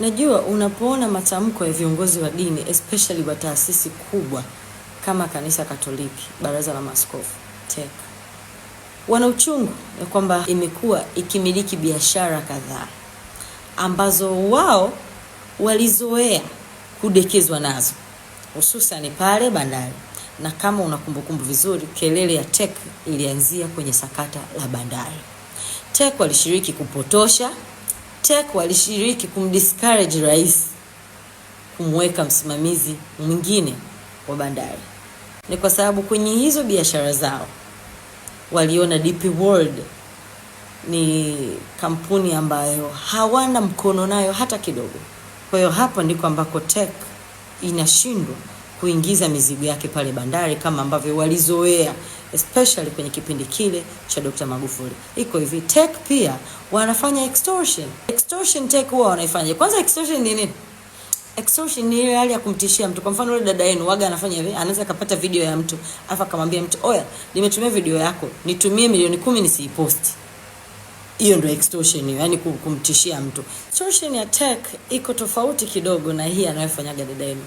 Najua unapoona matamko ya viongozi wa dini especially wa taasisi kubwa kama Kanisa Katoliki, Baraza la Maaskofu, TEC, wana uchungu ya kwamba imekuwa ikimiliki biashara kadhaa ambazo wao walizoea kudekezwa nazo hususani pale bandari, na kama una kumbukumbu vizuri, kelele ya TEC ilianzia kwenye sakata la bandari. TEC walishiriki kupotosha TEC walishiriki kumdiscourage rais kumweka msimamizi mwingine wa bandari. Ni kwa sababu kwenye hizo biashara zao waliona DP World ni kampuni ambayo hawana mkono nayo hata kidogo. Kwa hiyo hapo ndiko ambako TEC inashindwa kuingiza mizigo yake pale bandari kama ambavyo walizoea especially kwenye kipindi kile cha Dr. Magufuli. Iko hivi, tech pia wanafanya extortion. Extortion tech huwa wanaifanya. Kwanza extortion ni nini? Extortion ni ile hali ya kumtishia mtu. Kwa mfano, yule dada yenu waga anafanya hivi, anaweza kapata video ya mtu, afa akamwambia mtu, "Oya, nimetumia video yako, nitumie milioni kumi nisiiposti." Hiyo ndio extortion hiyo, yani kumtishia mtu. Extortion ya tech iko tofauti kidogo na hii anayofanyaga dada yenu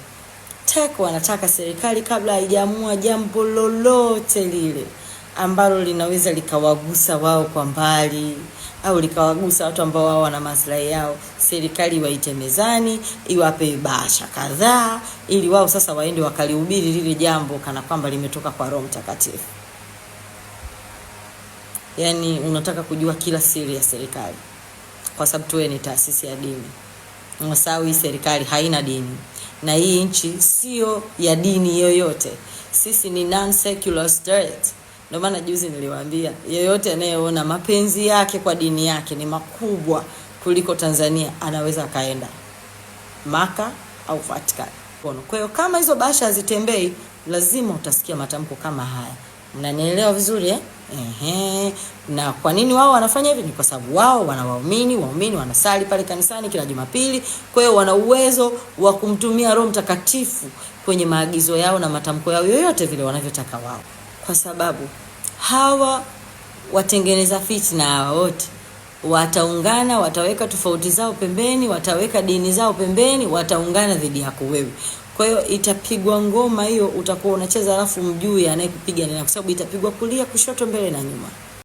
wanataka wanataka serikali kabla haijaamua jambo lolote lile ambalo linaweza likawagusa wao kwa mbali au likawagusa watu ambao wao wana maslahi yao, serikali waite mezani, iwape bahasha kadhaa, ili wao sasa waende wakalihubiri lile jambo kana kwamba limetoka kwa Roho Mtakatifu. Yaani unataka kujua kila siri ya serikali, kwa sababu tuwe ni taasisi ya dini. Msahau, serikali haina dini na hii nchi sio ya dini yoyote. Sisi ni non secular state. Ndio maana juzi niliwaambia, yeyote anayeona mapenzi yake kwa dini yake ni makubwa kuliko Tanzania anaweza akaenda Maka au Vatican. Kwa hiyo kama hizo bahasha hazitembei, lazima utasikia matamko kama haya. Mnanielewa vizuri eh? Ehe. Na kwa nini wao wanafanya hivi? Ni kwa sababu wao wana waumini, waumini wanasali pale kanisani kila Jumapili. Kwa hiyo wana uwezo wa kumtumia Roho Mtakatifu kwenye maagizo yao na matamko yao yoyote vile wanavyotaka wao, kwa sababu hawa watengeneza fitina hawa wote wataungana, wataweka tofauti zao pembeni, wataweka dini zao pembeni, wataungana dhidi yako wewe. Kwa hiyo itapigwa ngoma hiyo, utakuwa unacheza alafu mjui anayekupiga nani, kwa sababu itapigwa kulia, kushoto, mbele na nyuma.